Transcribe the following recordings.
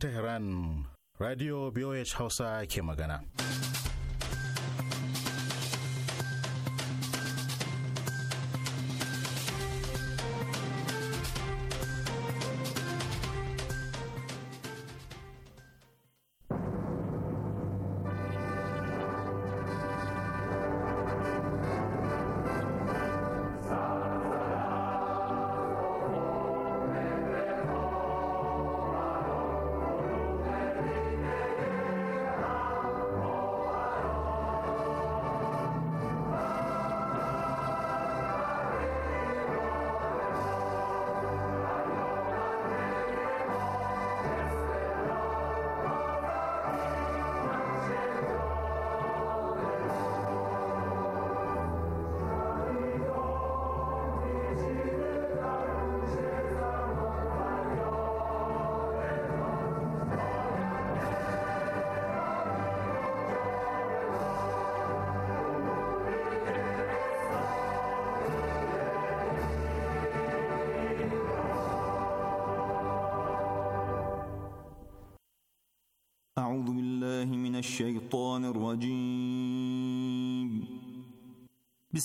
Tehran, Radio BOH Hausa ke magana.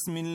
بسم الله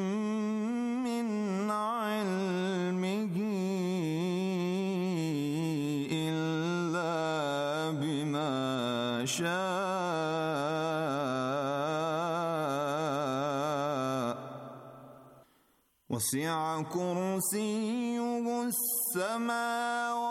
وسع كرسيه السماوات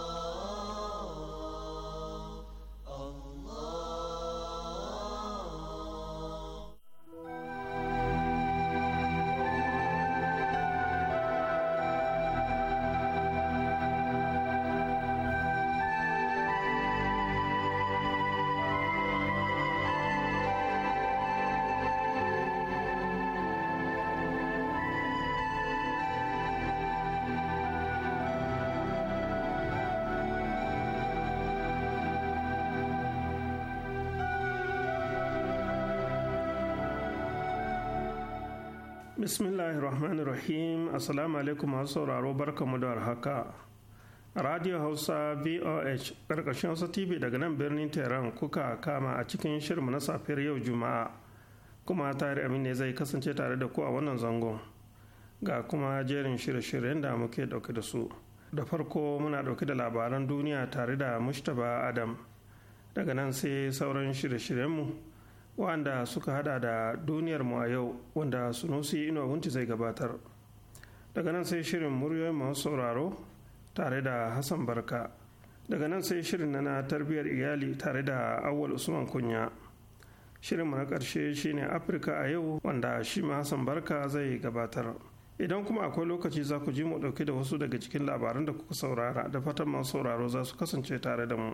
rahim assalamu alaikum masu sauraro barkamu da haka radio hausa voh karkashin hausa tv daga nan birnin tehran kuka kama a cikin shirmu na safiyar yau juma'a kuma tare amin ne zai kasance tare da ku a wannan zangon ga kuma jerin shirye-shiryen da muke dauke da su da farko muna dauke da labaran duniya tare da mustapha adam daga nan sai sauran shirye-shiryenmu wanda suka hada da duniyar mu a yau wanda sunusi ino wunci zai gabatar daga nan sai shirin muryoyin masu sauraro tare da hassan barka daga nan sai shirin na tarbiyyar iyali tare da awwal usman kunya shirin mu na karshe shine afirka a yau wanda shi ma hassan barka zai gabatar idan kuma akwai lokaci za ku ji mu dauke da wasu daga cikin labaran da kuka saurara da fatan masu sauraro za su kasance tare da mu.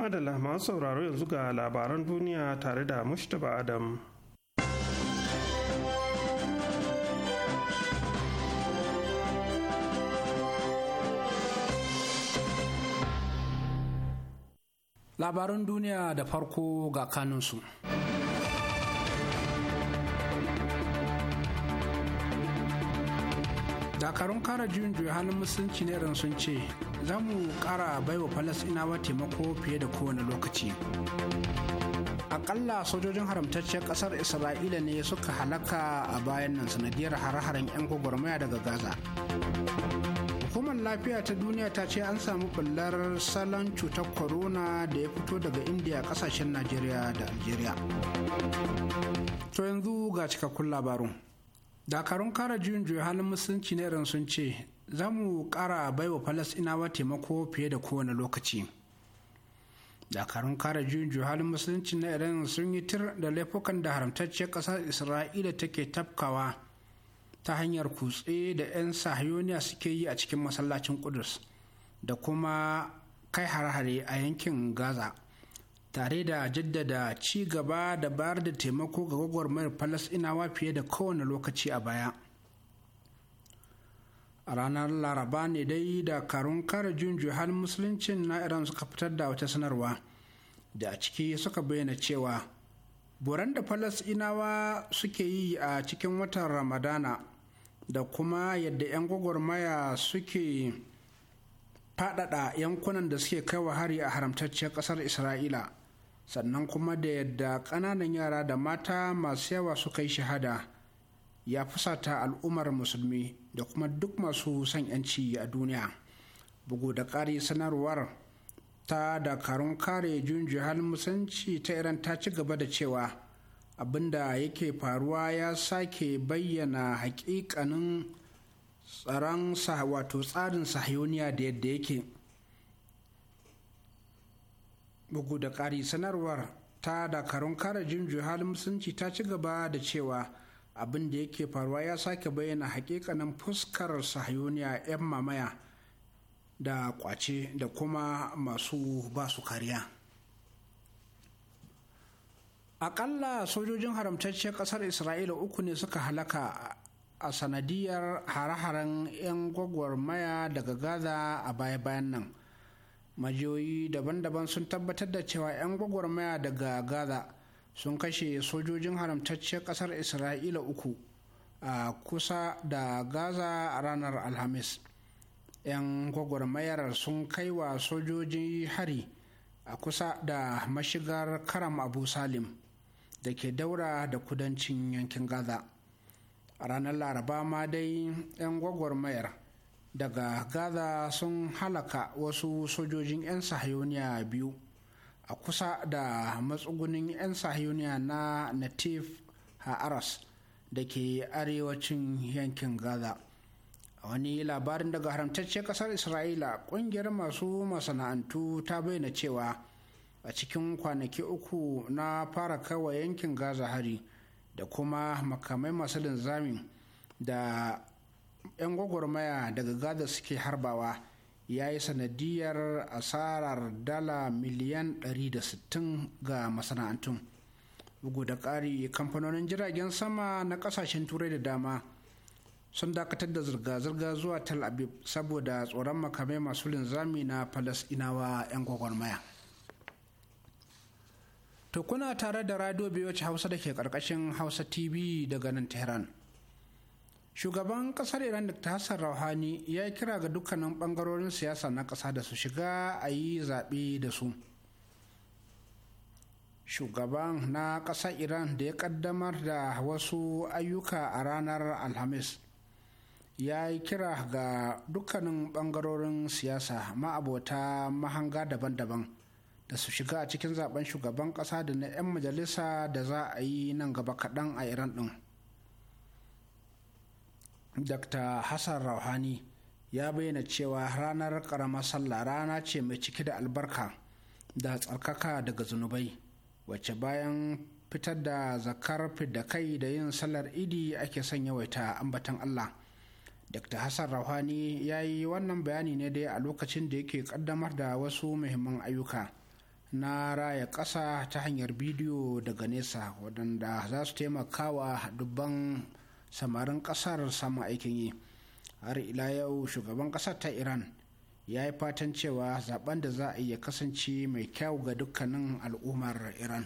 Madalla masu sauraro yanzu ga labaran duniya tare da mushtaba Adam. Labaran duniya da farko ga kanunsu. dakarun kara juyin juya halin musulunci ne ran sun ce za mu kara baiwa falasinawa taimako fiye da kowane lokaci akalla sojojin haramtaccen kasar isra'ila ne suka halaka a bayan nan sanadiyar hare-haren 'yan gwagwarmaya daga gaza hukumar lafiya ta duniya ta ce an samu bullar salon cutar corona da ya fito daga Indiya, kasashen najeriya da algeria to yanzu ga cikakkun labarun dakarun kara juyin juya halin musulunci na irin sun ce za mu kara baiwa falasinawa taimako fiye da kowane lokaci dakarun kara juyin juya halin musulunci na iran sun yi tir da laifukan da haramtacciyar ƙasar isra'ila take tafkawa ta hanyar kutse da 'yan sahiyoniya suke yi a cikin masallacin kudus da kuma kai har-hare a yankin gaza tare da jaddada ci gaba da bayar da taimako ga gwagwarmayar falasinawa fiye da kowane lokaci a baya a ranar laraba ne dai dakarun kare hal musuluncin na iran suka fitar da wata sanarwa da a ciki suka bayyana cewa buran da falasinawa suke yi a cikin watan ramadana da kuma yadda 'yan gwagwarmaya suke faɗaɗa yankunan da suke kai wa hari a haramtacciyar ƙasar isra'ila sannan kuma da yadda ƙananan yara da mata masu yawa suka yi shahada ya fusata al'ummar musulmi da kuma duk masu son 'yanci a duniya bugu da ƙari sanarwar ta dakarun kare junjihar musanci ta iran ta ci gaba da cewa abinda yake faruwa ya sake bayyana hakikanin tsaron wato tsarin sahiyoniya da yadda yake bugu da ƙari sanarwar ta dakarun kare jinju halin musulunci ta ci gaba da cewa abin da yake faruwa ya sake bayyana hakikanin fuskar sahayoniya 'yan mamaya da kwace da kuma masu basu kariya aƙalla sojojin haramtacciyar ƙasar isra'ila uku ne suka halaka a sanadiyar hare-haren 'yan gwagwarmaya daga gaza a baya-bayan nan majiyoyi daban-daban sun tabbatar da cewa 'yan gwagwarmaya daga gaza sun kashe sojojin haramtacciyar kasar isra'ila uku a kusa da gaza a ranar alhamis 'yan gwagwarmayar sun kai wa sojojin hari a kusa da mashigar karam abu salim da ke daura da kudancin yankin gaza a ranar laraba ma dai 'yan gwagwarmayar daga gaza sun halaka wasu sojojin 'yan sahayoniya biyu a kusa da matsugunin 'yan sahayoniya na natif Aras, da ke arewacin yankin gaza a wani labarin daga haramtacciyar kasar isra'ila kungiyar masu masana'antu ta bayyana cewa a cikin kwanaki uku na fara kawai yankin gaza hari da kuma makamai masu linzamin da 'yan gwagwarmaya daga gaza suke harbawa ya yi sanadiyar asarar dala miliyan 160 ga masana'antun bugu da ƙari kamfanonin jiragen sama na ƙasashen turai da dama sun dakatar da zirga-zirga zuwa tel aviv saboda tsoron makamai masu linzami na falasinawa 'yan gwagwarmaya to kuna tare da radio biyu hausa da ke ƙarƙashin hausa tv daga nan tehran shugaban kasar iran da hassan rauhani ya yi kira ga dukkanin bangarorin siyasa na kasa da su shiga a yi zaɓe da su shugaban na ƙasar iran da ya ƙaddamar da wasu ayyuka a ranar alhamis ya yi kira ga dukkanin bangarorin siyasa ma'abota mahanga daban-daban da su shiga a cikin zaben shugaban ƙasa da na 'yan majalisa da za a yi nan gaba kaɗan a iran ɗin. dr hassan rauhani ya bayyana cewa ranar ƙaramar sallah rana ce mai cike da albarka da tsarkaka daga zunubai wacce bayan fitar da zakar da kai da yin sallar idi ake son yawaita ambatan allah dr hassan rauhani ya yi wannan bayani ne dai a lokacin da yake ƙaddamar da wasu muhimman ayyuka na raya ƙasa ta hanyar bidiyo daga nesa waɗanda za su taimaka wa dubban samarin kasar samun aikin yi har ila yau shugaban kasar ta iran ya yi fatan cewa zaben da za a iya kasance mai kyau ga dukkanin al'ummar iran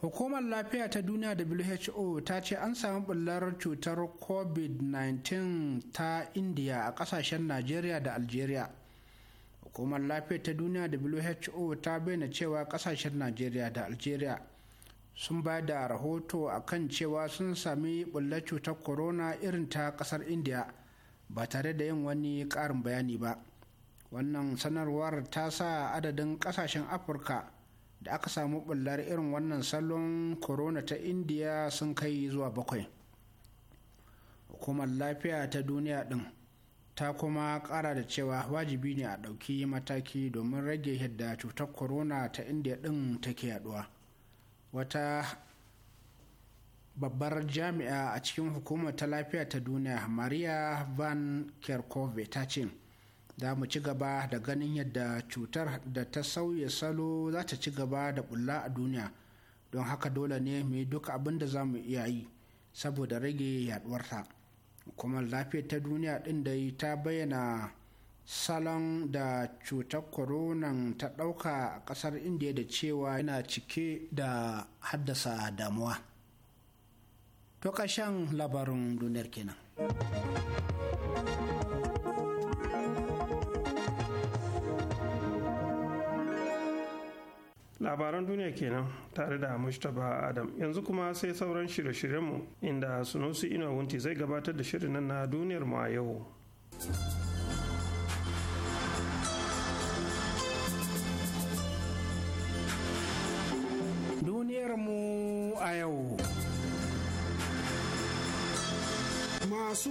hukumar lafiya ta duniya who ta ce an samu bullar cutar covid-19 ta Indiya, a kasashen najeriya da algeria hukumar lafiya ta duniya who ta bayyana cewa kasashen najeriya da algeria sun ba da rahoto a kan cewa sun sami bulla cutar corona irin ta kasar india ba tare da yin wani ƙarin bayani ba wannan sanarwar ta sa adadin kasashen afirka da aka samu bullar irin wannan salon corona ta india sun kai zuwa bakwai hukumar lafiya ta duniya din ta kuma kara da cewa wajibi ne a ɗauki mataki domin rage yadda cutar corona ta indiya ɗin take yaduwa wata babbar jami'a a cikin hukumar ta lafiya ta duniya maria van kerkove ta ce za mu ci gaba da ganin yadda cutar da ta sauya salo za ta ci gaba da bulla a duniya don haka dole ne mu yi duk abin da za mu iya yi saboda rage yaduwarta. hukumar lafiya ta duniya ɗin da ta bayyana salon da cutar koronan ta ɗauka a ƙasar indiya da cewa yana cike da haddasa damuwa to ƙashen labarin duniyar kenan labaran duniya kenan tare da mustapha adam yanzu kuma sai sauran shirye-shiryenmu inda sunusi ina wunti zai gabatar da shirin nan na duniyar mu a yau duniyar mu a yau Masu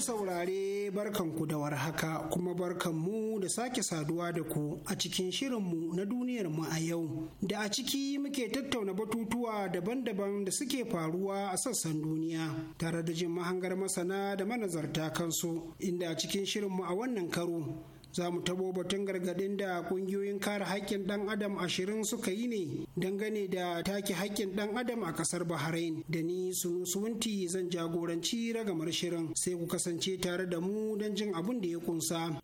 saurare barkan ku da warhaka kuma barkan mu da sake saduwa da ku a cikin shirinmu na duniyar mu a yau da a ciki muke tattauna batutuwa daban-daban da suke faruwa a sassan duniya tare da jin mahangar masana da manazarta kansu inda a cikin shirinmu a wannan karo za mu tabo batun gargaɗin da ƙungiyoyin kare haƙƙin ɗan adam ashirin suka yi ne dangane da take haƙƙin ɗan adam a ƙasar bahrain da ni sunusunti zan jagoranci ragamar shirin sai ku kasance tare da mu don jin abin da ya ƙunsa.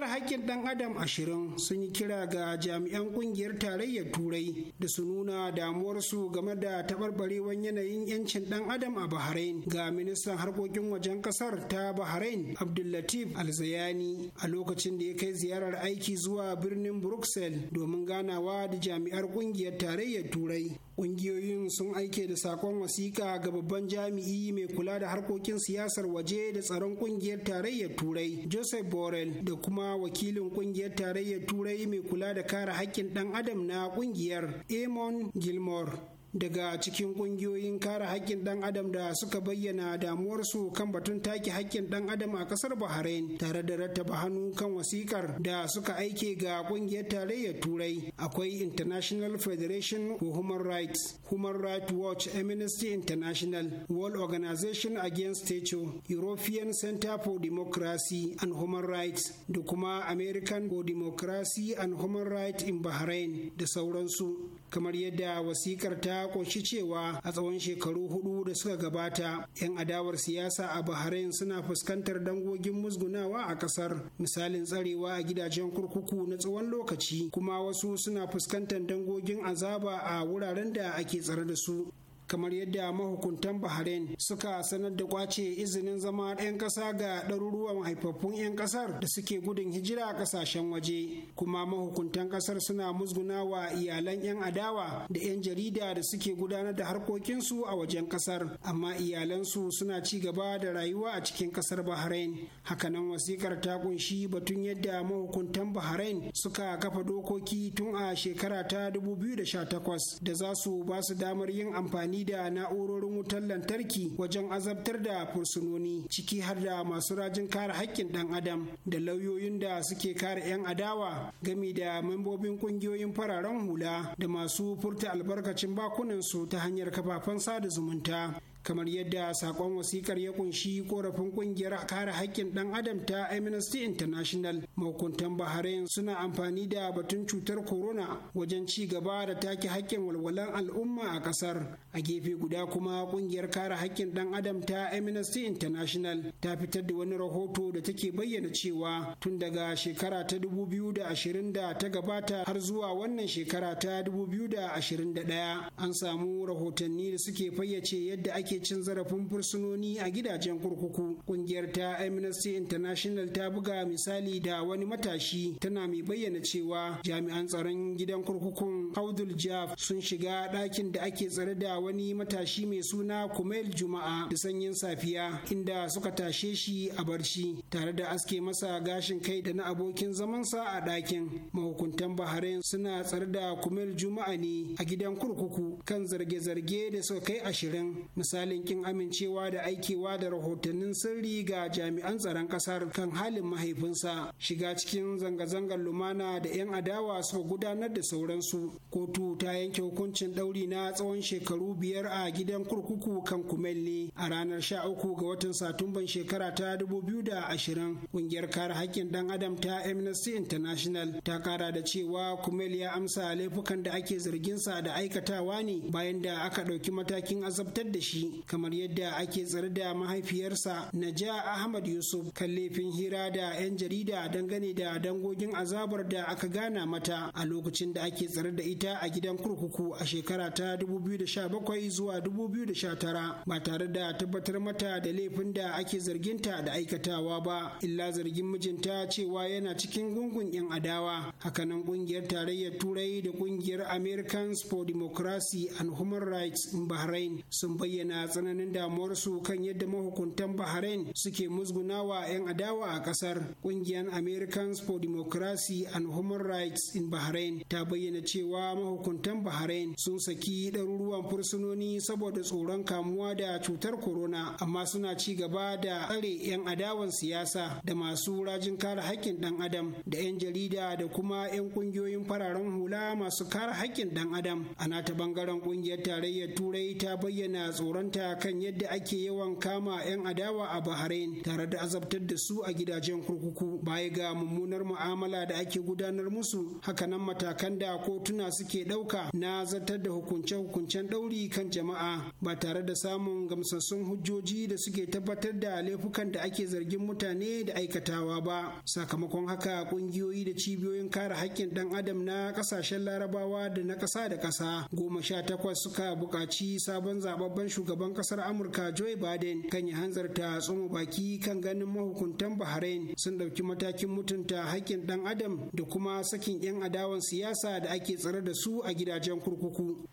kare haƙƙin ɗan adam ashirin sun yi kira ga jami'an ƙungiyar tarayyar turai da su nuna damuwarsu game da taɓarɓarewar yanayin 'yancin ɗan adam a bahrain ga ministan harkokin wajen ƙasar ta bahrain abdullatif alzayani a lokacin da ya kai ziyarar aiki zuwa birnin bruxelles domin ganawa da jami'ar ƙungiyar tarayyar turai Ƙungiyoyin sun aike da sakon wasiƙa ga babban jami'i mai kula da harkokin siyasar waje da tsaron ƙungiyar tarayyar Turai, Joseph Borrell, da kuma wakilin ƙungiyar tarayyar Turai mai kula da kare haƙƙin ɗan adam na ƙungiyar, Amon Gilmore. daga cikin ƙungiyoyin kare haƙƙin ɗan adam da suka bayyana damuwarsu kan batun take haƙƙin ɗan adam a ƙasar bahrain tare da rattaba hannu kan wasiƙar da suka aike ga ƙungiyar tarayyar turai akwai international federation for human rights human rights watch amnesty international world organization against torture european center for democracy and human rights da kuma american for democracy and human rights in bahrain da sauransu kamar yadda wasikar ta ƙunshi cewa a tsawon shekaru hudu da suka gabata 'yan adawar siyasa a bahrain suna fuskantar dangogin musgunawa a ƙasar misalin tsarewa a gidajen kurkuku na tsawon lokaci kuma wasu suna fuskantar dangogin azaba a wuraren da ake tsare da su kamar yadda mahukuntan bahrain suka sanar da kwace izinin zama 'yan ƙasa ga ɗaruruwan haifaffun 'yan ƙasar da suke gudun hijira a ƙasashen waje kuma mahukuntan ƙasar suna musguna wa iyalan 'yan adawa da 'yan jarida da suke gudanar da harkokinsu a wajen ƙasar amma iyalansu suna ci gaba da rayuwa a cikin ƙasar bahrain hakanan wasikar ta kunshi batun yadda mahukuntan bahrain suka kafa dokoki tun a shekara ta 2018 da za su ba su damar yin amfani amfani da na'urorin wutar lantarki wajen azabtar da fursunoni ciki har da masu rajin kare haƙƙin ɗan adam da lauyoyin da suke kare 'yan adawa gami da membobin ƙungiyoyin fararen hula da masu furta albarkacin bakunansu ta hanyar kafafen sada zumunta kamar yadda sakon wasikar ya kunshi korafin kungiyar kare haƙƙin ɗan adam ta amnesty international mahukuntan bahrain suna amfani da batun cutar corona wajen ci gaba da take haƙƙin walwalan al'umma a ƙasar a gefe guda kuma kungiyar kare haƙƙin ɗan adam ta amnesty international ta fitar da wani rahoto da take bayyana cewa tun daga shekara ta 2020 da ta gabata har zuwa wannan shekara ta 2021 an samu rahotanni da suke fayyace yadda ake cin zarafin fursunoni a gidajen kurkuku kungiyar ta amnesty international ta buga misali da wani matashi tana mai bayyana cewa jami'an tsaron gidan kurkukun haudul jaf sun shiga ɗakin da ake tsare da wani matashi mai suna kumail juma'a da sanyin safiya inda suka tashe shi a barci tare da aske masa gashin kai da na abokin zamansa a ɗakin mahukuntan bahrain suna tsare da kumail juma'a ne a gidan kurkuku kan zarge-zarge da suka kai ashirin misali misalin kin amincewa da aikewa da rahotannin sirri ga jami'an tsaron kasar kan halin mahaifinsa shiga cikin zanga-zangar lumana da 'yan adawa suka gudanar da sauransu kotu ta yanke hukuncin ɗauri na tsawon shekaru biyar a gidan kurkuku kan ne. a ranar 13 ga watan satumban shekara ta 2020 ƙungiyar kare haƙƙin ɗan adam ta amnesty international ta kara da cewa kumel ya amsa laifukan da ake zarginsa da aikatawa ne bayan da aka ɗauki matakin azabtar da shi kamar yadda ake tsare da mahaifiyarsa Naja Ahmad Yusuf kan laifin hira da 'yan jarida dangane da dangogin azabar da aka gana mata a lokacin da ake tsare da ita a gidan kurkuku a shekara ta 2017 zuwa 2019 ba tare da tabbatar mata da laifin da ake zarginta da aikatawa ba illa zargin mijinta cewa yana cikin gungun 'yan adawa hakanan kungiyar tarayyar turai da kungiyar Americans for Democracy and Human Rights in Bahrain sun bayyana na tsananin damuwarsu kan yadda mahukuntan bahrain suke musgunawa 'yan adawa a kasar ƙungiyar americans for democracy and human rights in bahrain ta bayyana cewa mahukuntan bahrain sun saki ɗaruruwan fursunoni saboda tsoron kamuwa da cutar corona amma suna ci gaba da tsare 'yan adawan siyasa da masu rajin kare haƙƙin ɗan adam da 'yan jarida da kuma 'yan ƙungiyoyin fararen hula masu kare haƙƙin ɗan adam a nata bangaren ƙungiyar tarayyar turai ta bayyana tsoron kwararanta kan yadda ake yawan kama 'yan adawa a bahrain tare da azabtar da su a gidajen kurkuku baya ga mummunar mu'amala da ake gudanar musu hakanan matakan da kotuna suke ɗauka na zartar da hukunce-hukuncen ɗauri kan jama'a ba tare da samun gamsassun hujjoji da suke tabbatar da laifukan da ake zargin mutane da aikatawa ba sakamakon haka ƙungiyoyi da cibiyoyin kare haƙƙin ɗan adam na ƙasashen larabawa da na ƙasa da ƙasa goma sha takwas suka buƙaci sabon zababben shugaban shugaban kasar amurka joe biden kan yi hanzarta tsoma baki kan ganin mahukuntan bahrain sun ɗauki matakin mutunta haƙƙin ɗan adam da kuma sakin 'yan adawan siyasa da ake tsare da su a gidajen kurkuku.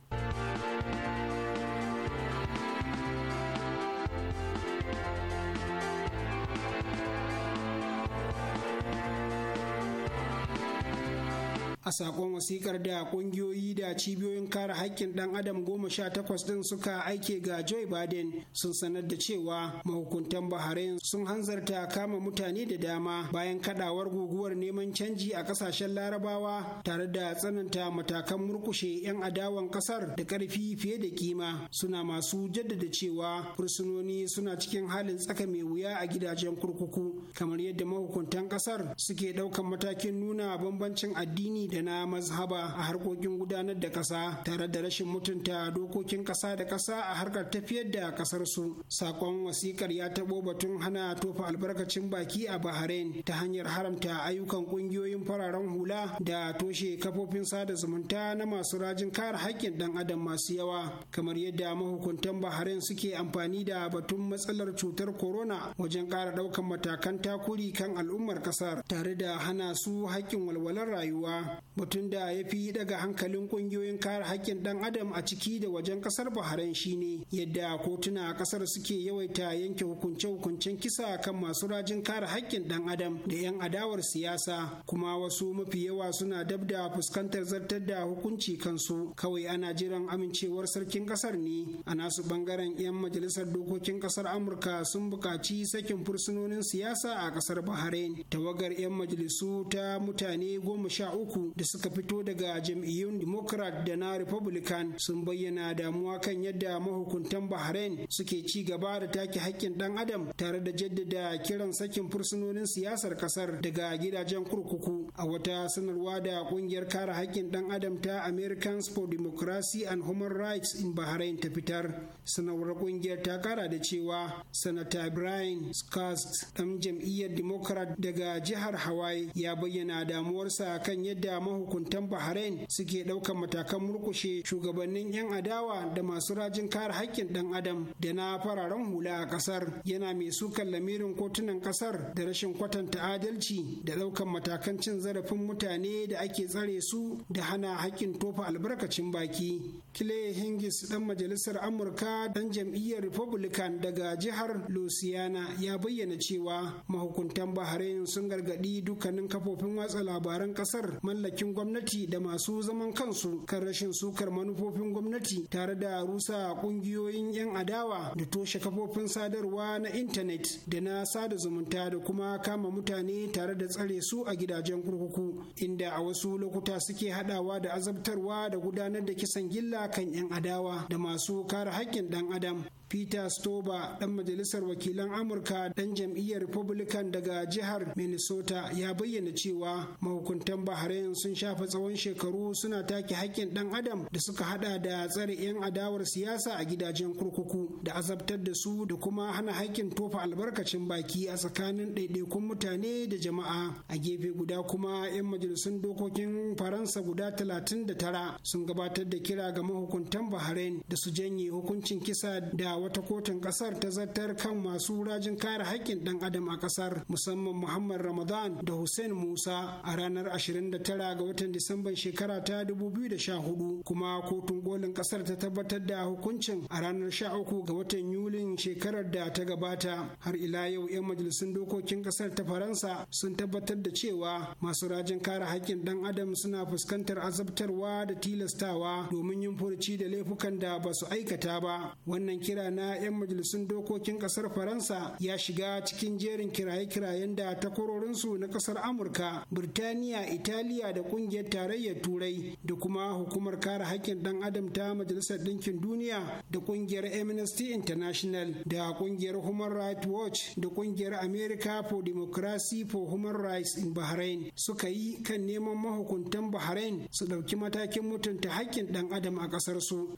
a sakon wasikar da kungiyoyi da cibiyoyin kare haƙƙin ɗan adam goma sha takwas ɗin suka aike ga joe biden sun sanar da cewa mahukuntan bahrain sun hanzarta kama mutane da dama bayan kaɗawar guguwar neman canji a ƙasashen larabawa tare da tsananta matakan murkushe 'yan adawan ƙasar da ƙarfi fiye da kima suna masu jaddada cewa fursunoni suna cikin halin tsaka mai wuya a gidajen kurkuku kamar yadda mahukuntan ƙasar suke ɗaukan matakin nuna bambancin addini da na mazhaba a harkokin gudanar da ƙasa tare da rashin mutunta dokokin ƙasa da ƙasa a harkar tafiyar da ƙasar su sakon wasikar ya taɓo batun hana tofa albarkacin baki a bahrain ta hanyar haramta ayyukan ƙungiyoyin fararen hula da toshe kafofin sada zumunta na masu rajin kare haƙƙin ɗan adam masu yawa kamar yadda mahukuntan bahrain suke amfani da batun matsalar cutar corona wajen ƙara ɗaukar matakan takuri kan al'ummar ƙasar tare da hana su haƙƙin walwalar rayuwa Mutum da ya fi daga hankalin kungiyoyin kare haƙƙin ɗan adam a ciki da wajen ƙasar Bahrain shine yadda kotuna a ƙasar suke yawaita yanke hukunce-hukuncen kisa kan masu rajin kare haƙƙin ɗan adam da 'yan adawar siyasa kuma wasu mafi yawa suna dab da fuskantar zartar da hukunci kansu kawai ana jiran amincewar sarkin ƙasar ne a nasu bangaren 'yan majalisar dokokin ƙasar Amurka sun buƙaci sakin fursunonin siyasa a ƙasar Bahrain tawagar 'yan majalisu ta mutane goma sha uku da suka fito daga jam'iyyun democrat da na republican sun bayyana damuwa kan yadda mahukuntan bahrain suke ci gaba da take haƙƙin ɗan adam tare da jaddada kiran sakin fursunonin siyasar ƙasar daga gidajen kurkuku a wata sanarwa da ƙungiyar kare haƙƙin ɗan adam ta americans for democracy and human rights in bahrain ta fitar sanarwar ƙungiyar ta kara da cewa sanata brian scott ɗan jam'iyyar democrat daga jihar hawaii ya bayyana damuwarsa kan yadda mahukuntan bahrain suke ɗaukan matakan murkushe shugabannin 'yan adawa da masu rajin kare haƙƙin ɗan adam da na fararen hula a ƙasar yana mai sukan lamirin kotunan ƙasar da rashin kwatanta adalci da ɗaukan matakan cin zarafin mutane da ake tsare su da hana haƙƙin tofa albarkacin baki. Clay Hingis ɗan majalisar Amurka dan jam'iyyar Republican daga jihar Louisiana ya bayyana cewa mahukuntan Bahrain sun gargaɗi dukkanin kafofin watsa labaran ƙasar mallakin matakin gwamnati da masu zaman kansu kan rashin sukar manufofin gwamnati tare da rusa kungiyoyin 'yan adawa da toshe kafofin sadarwa na intanet da na sada zumunta da kuma kama mutane tare da tsare su a gidajen kurkuku inda a wasu lokuta suke hadawa da azabtarwa da gudanar da kisan gilla kan 'yan adawa da masu kare haƙƙin ɗan adam Peter Stoba ɗan majalisar wakilan Amurka ɗan jam'iyyar Republican daga jihar Minnesota ya bayyana cewa mahukuntan Bahrain sun shafa tsawon shekaru suna take haƙƙin ɗan adam da suka hada da tsare 'yan adawar siyasa a gidajen kurkuku da azabtar da su da kuma hana haƙƙin tofa albarkacin baki a tsakanin ɗaiɗaikun mutane da jama'a a gefe guda kuma 'yan majalisun dokokin Faransa guda 39 sun gabatar da kira ga mahukuntan Bahrain da su janye hukuncin kisa da A wata kotun kasar ta zartar kan masu rajin kare haƙƙin ɗan adam a kasar musamman muhammad ramadan da hussein musa a ranar 29 ga watan disamban shekara ta 2014 kuma kotun kolin kasar ta tabbatar da hukuncin a ranar 13 ga watan yulin shekarar da ta gabata har ila yau 'yan majalisun dokokin kasar ta faransa sun tabbatar da cewa masu rajin kare haƙƙin ɗan adam suna fuskantar azabtarwa da tilastawa domin yin furci da laifukan da ba su aikata ba wannan kira na 'yan majalisun dokokin kasar faransa ya shiga cikin jerin kiraye-kirayen da takwarorinsu na kasar amurka birtaniya italiya da kungiyar tarayyar turai da kuma hukumar kare haƙƙin ɗan adam ta majalisar ɗinkin duniya da kungiyar amnesty international da kungiyar human rights watch da kungiyar america for democracy for human rights in bahrain suka yi kan neman mahukuntan bahrain su ɗauki matakin mutunta haƙƙin ɗan adam a ƙasarsu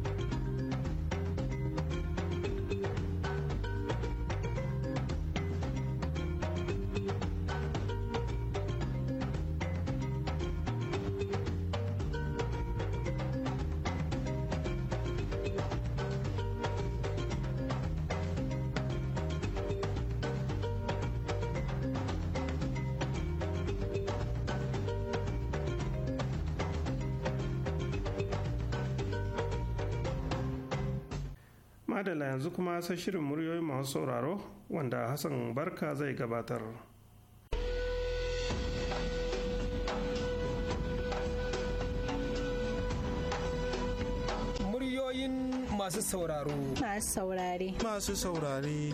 yanzu kuma sai shirin muryoyi masu sauraro wanda Hassan Barka zai gabatar. Muryoyin masu sauraro. Masu saurare. Masu saurare.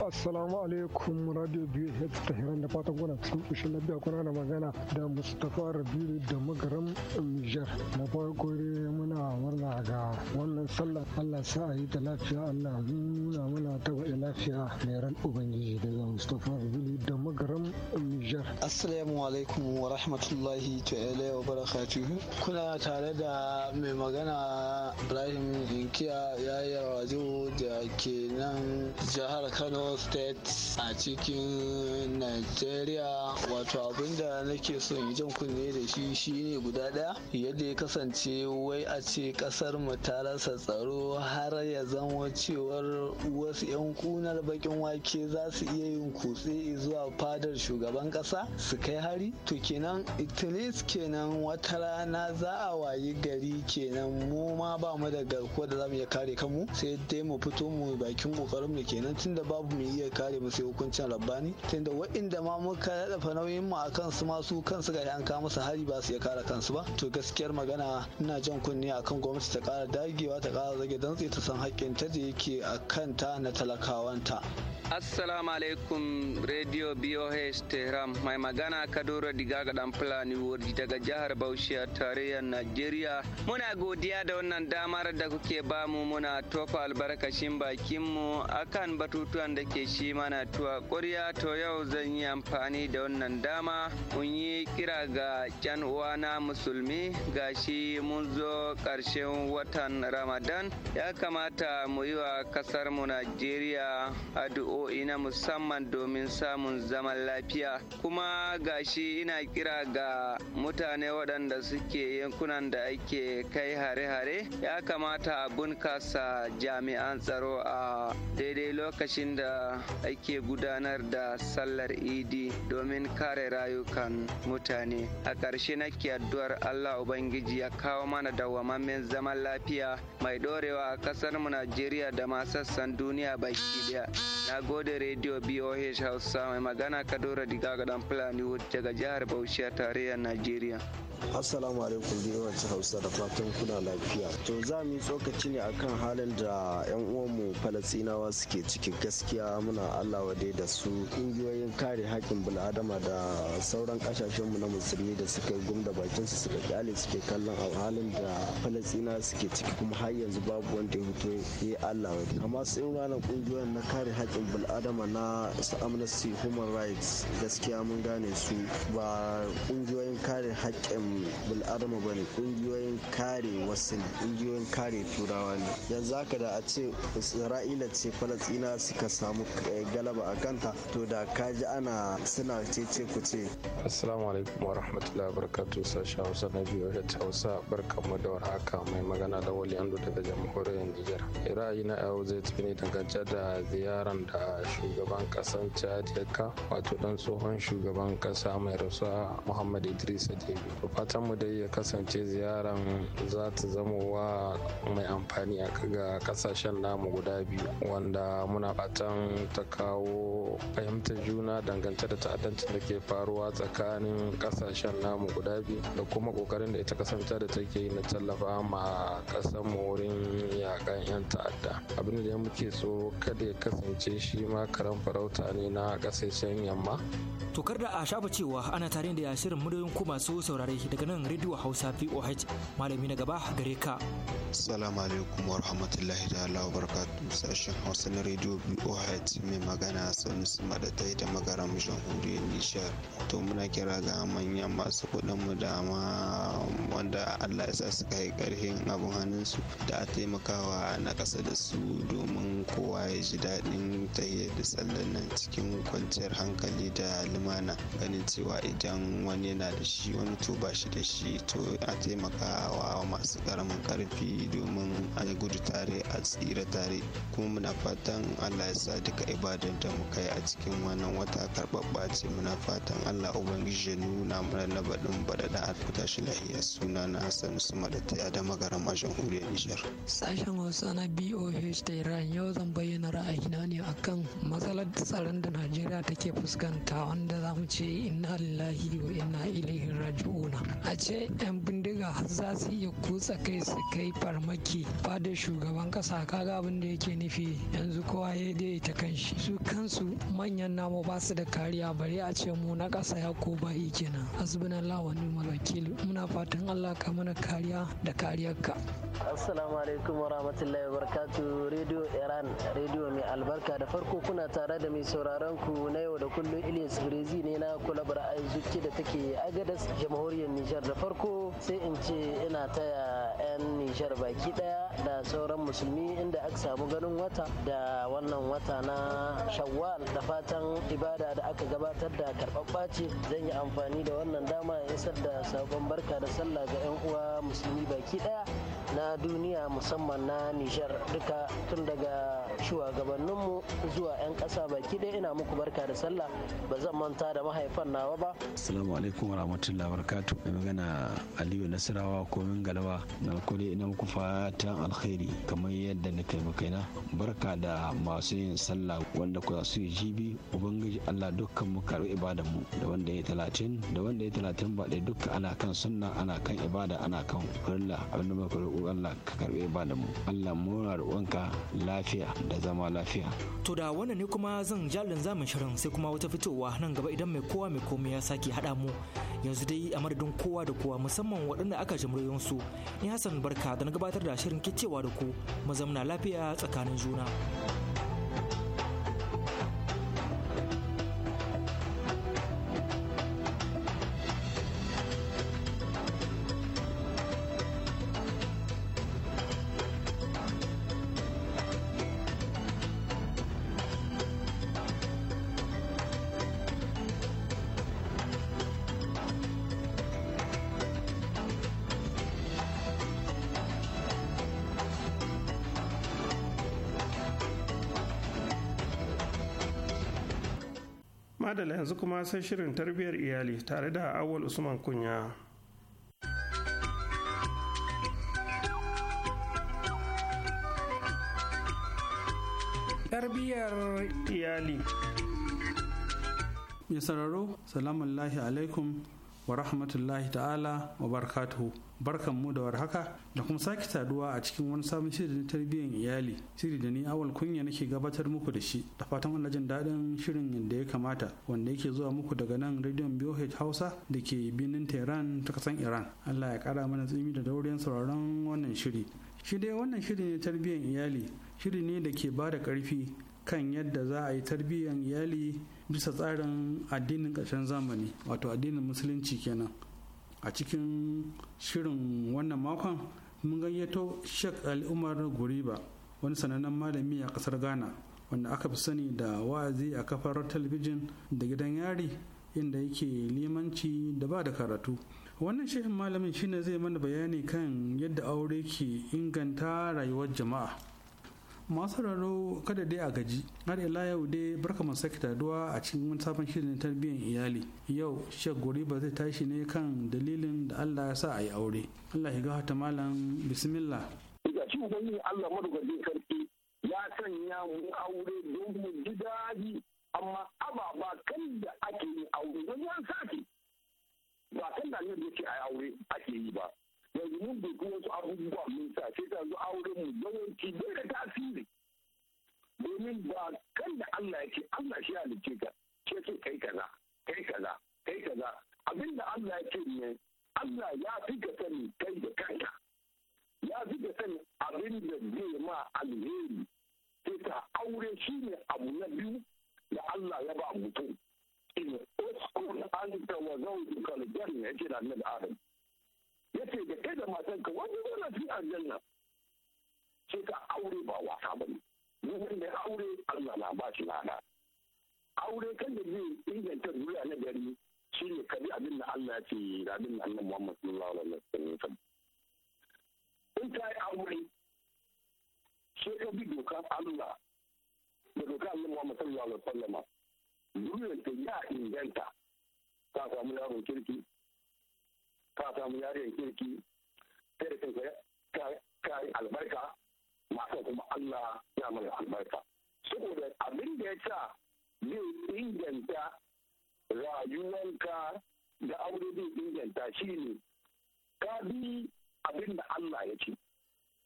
Assalamu alaikum Radio biyu ta tahiran da fatan kuna cikin kushin lafiya kuna da magana da Mustapha Rabiru da magaram Nijar. Na farko muna murna ga wannan sallah Allah sa a yi ta lafiya Allah nuna muna ta lafiya mai ran Ubangiji daga Mustapha Rabiru da magaram Nijar. Assalamu alaikum wa rahmatullahi ta'ala wa barakatuhu. Kuna tare da mai magana Ibrahim Inkiya yi wajo da ke nan jihar Kano State a cikin Nigeria wato abinda nake son yi jan kunne da shi shine guda daya yadda ya kasance wai a ce kasar mu ta rasa tsaro har ya zama cewar wasu 'yan kunar bakin wake za su iya yin kutse zuwa fadar shugaban kasa su kai hari to kenan itilis kenan wata rana za a wayi gari kenan mu ma ba mu da garkuwa da za mu iya kare kanmu sai dai mu fito mu bakin kokarin mu kenan tunda babu mu iya kare mu sai hukuncin rabbani tunda waɗanda ma muka dafa nauyin mu akan su ma su kansu ga an musu hari ba su ya kare kansu ba to gaskiyar magana ina jan kunne akan gwamnati ta kara dagewa ta kara zage dantse ta san haƙƙin ta da yake a kanta na talakawanta assalamu alaikum radio boh tehran mai magana kadoro diga ga dan fulani wurdi daga jihar bauchi a tarayyar najeriya muna godiya da wannan damar da kuke bamu muna tofa albarkacin mu akan batutuwan da ke shi mana tuwa ƙwarya to yau zan yi amfani da wannan dama mun yi kira ga can uwana musulmi gashi mun zo ƙarshen watan ramadan ya kamata mu yi wa ƙasarmu najeriya addu'o sa'o'i na musamman domin samun zaman lafiya kuma gashi ina kira ga mutane waɗanda suke yankunan da ake kai hare-hare ya kamata a bunkasa jami'an tsaro a daidai lokacin da ake gudanar da sallar idi domin kare rayukan mutane a ƙarshe nake addu'ar allah ubangiji ya kawo mana dawwamammen zaman lafiya mai ɗorewa a ƙasarmu najeriya da ma sassan duniya baki daya bode radio boh hausa mai magana kadora diga ga dan fulani daga jahar bauchi a tarayyar najeriya assalamu alaikum biyu hausa da fatan kuna lafiya to za mu yi tsokaci ne akan halin da yan uwanmu falasinawa suke ciki gaskiya muna allah wade da su ƙungiyoyin kare haƙƙin bil'adama da sauran ƙasashenmu na musulmi da suka yi gumda bakin su suka kyale suke kallon a halin da falasina suke ciki kuma har yanzu babu wanda ya fito ya allah wade amma sun rana ƙungiyoyin na kare haƙƙin bil'adama na amnesty human rights gaskiya mun gane su ba ƙungiyoyin kare haƙƙin bil bil'adama ba ne ƙungiyoyin kare wasu ne ƙungiyoyin kare turawa ne yanzu haka da a ce isra'ila ce falastina suka samu eh, galaba a kanta to da kaji ana suna cece ku ce assalamu alaikum wa rahmatullahi wa barakatuh sashen hausa na biyu da hausa mu da warhaka mai magana da wali ando daga jamhuriyar niger ra'ayi na yau zai tafi ne dangance da ziyaran da shugaban kasan chad ya ka wato dan tsohon shugaban kasa mai rasuwa muhammad idris debi fatan mu dai ya kasance ziyaran za ta zama wa mai amfani ga kasashen namu guda biyu wanda muna fatan ta kawo fahimtar juna dangance da ta'addancin da ke faruwa tsakanin kasashen namu guda biyu da kuma kokarin da ita kasance da take yi na tallafa ma kasan mu wurin yakan yan ta'adda abin da muke so kada ya kasance shi ma karan farauta ne na kasashen yamma To kar da a shafa cewa ana tare da shirin muryoyin ku masu saurare daga nan Radio Hausa VOH malami na gaba gare ka. Assalamu alaikum wa rahmatullahi ta'ala wa barakatuhu sashen Hausa na Radio VOH mai magana Sanusi Madatai da mu jamhuriyar Nishar. To muna kira ga manyan masu kuɗin mu da ma wanda Allah ya sa su kai ƙarfin abin hannun su da a taimakawa na ƙasa da su domin kowa ya ji daɗin tayyar da tsallan nan cikin kwanciyar hankali da lima lumana ganin cewa idan wani yana da shi wani to ba shi da shi to a taimaka wa masu karamin karfi domin a gudu tare a tsira tare kuma muna fatan allah ya sa duka ibadan da muka yi a cikin wannan wata karɓaɓɓa ce muna fatan allah ubangiji ya nuna mana na baɗin baɗaɗa a fita shi lahiya suna na hassan su da ta da magaram a jamhuriyar nijar. sashen hausa na boh da iran yau zan bayyana ra'ayina ne akan matsalar tsaron da najeriya take fuskanta wanda da za mu ce inna lillahi wa inna ilaihi raji'una a ce yan bindiga za su iya kutsa kai su kai farmaki ba da shugaban kasa kaga abin da yake nufi yanzu kowa ya ta kanshi su kansu manyan namu ba su da kariya bari a ce mu na kasa ya ko ba bayi kenan allah wa ni'mal wakil muna fatan Allah ka mana kariya da kariyarka assalamu alaikum wa rahmatullahi wa radio iran radio mai albarka da farko kuna tare da mai sauraron ku na yau da kullum ilyas faizi ne na kulabar aizuki da take agadas jamhuriyar nijar da farko sai in ce ina taya 'yan nijar baki daya da sauran musulmi inda aka samu ganin wata da wannan wata na shawwal da fatan ibada da aka gabatar da karɓaɓɓa ce zan yi amfani da wannan dama ya isar da sabon barka da sallah ga 'yan uwa musulmi baki daya na duniya musamman na Nijar duka tun daga shugabanninmu zuwa 'yan ƙasa baki dai ina muku barka da sallah ba zan manta da mahaifan nawa ba. Assalamu alaikum wa wa barakatu mai magana Aliyu nasarawa min galaba na kuri ina muku fatan alkhairi kamar yadda na kai na barka da masu yin sallah wanda ku su yi jibi ubangiji Allah dukkan mu karbi ibadan mu da wanda ya talatin da wanda ya talatin ba ɗaya duka ana kan sunna ana kan ibada ana kan kurilla abinda muka Allah ka karbe da mu Allah muna roƙonka lafiya da zama lafiya to da wannan ne kuma zan jalin zamin shirin sai kuma wata fitowa nan gaba idan mai kowa mai komai ya sake haɗa mu yanzu dai a madadin kowa da kowa musamman waɗanda aka jimriyon su ni Hassan Barka da na gabatar da shirin kicewa da ku mu zamna lafiya tsakanin juna madala yanzu kuma sai shirin tarbiyyar iyali tare da awal usman kunya tarbiyyar iyali mai sararo salamun alaikum wa rahmatullahi ta'ala wa barakatuhu barkan mu da warhaka da kuma sake saduwa a cikin wani sabon shirin tarbiyyar iyali shiri da ni awal kunya nake gabatar muku da shi da fatan wannan jin daɗin shirin yadda ya kamata wanda yake zuwa muku daga nan rediyon BOH Hausa da ke birnin Tehran ta kasan Iran Allah ya kara mana tsimi da dauriyar sauraron wannan shiri shi dai wannan shiri ne tarbiyyar iyali shiri ne da ke ba da ƙarfi kan yadda za a yi tarbiyyar iyali bisa tsarin addinin ƙarshen zamani wato addinin musulunci kenan a cikin shirin wannan makon mun gayyato sheikh al'umar guriba wani sanannen malami a ƙasar ghana wanda aka fi sani da wa'azi a kafar talabijin da gidan yari inda yake limanci da ba da karatu wannan shehin malamin shine zai mana bayani kan yadda aure ke inganta rayuwar jama'a masu raro kada dai a gaji har ila yau dai barka mu sake taduwa a cikin wani sabon shirin tarbiyyar iyali yau shek ba zai tashi ne kan dalilin da allah ya sa a yi aure allah ya gafata malam bismillah ga shi ubangiji allah madugadi sarki ya sanya mu aure don mu ji daɗi amma ababa kan da ake yi aure don yan sati ba kan da ne da ke a aure ake yi ba yanzu mun doki wasu abubuwa mun sa sai ta zo auren mu yawanci bai da tasiri domin ba kan da Allah yake Allah shi halicce ka ce ce kai kaza kai kaza kai kaza abinda Allah yake ne Allah ya fi ka sani kai da kanka ya fi ka sani abinda zai ma alheri sai ta aure shi ne abu na biyu da Allah ya ba mutum in uskun anta wa zawjuka aljanna yake da Annabi Adam ya ce da kai da matanka wani yana fi aljanna sai ka aure ba wasa ba ne domin da aure Allah na ba shi lada aure kan da zai inganta duniya na gari shi ne kabi abin da Allah ya ce da abin da Allah Muhammad sallallahu alaihi wasallam in ta yi aure sai ka bi doka Allah da dokar Allah Muhammad sallallahu alaihi wasallam duniyar ta ya inganta ka samu yaron kirki ka samu yariyar kirki sai da kai ka yi albarka masu kuma Allah ya mai albarka saboda abin da ya sa zai inganta rayuwanka da aure zai inganta shi ne ka bi abin da Allah ya ce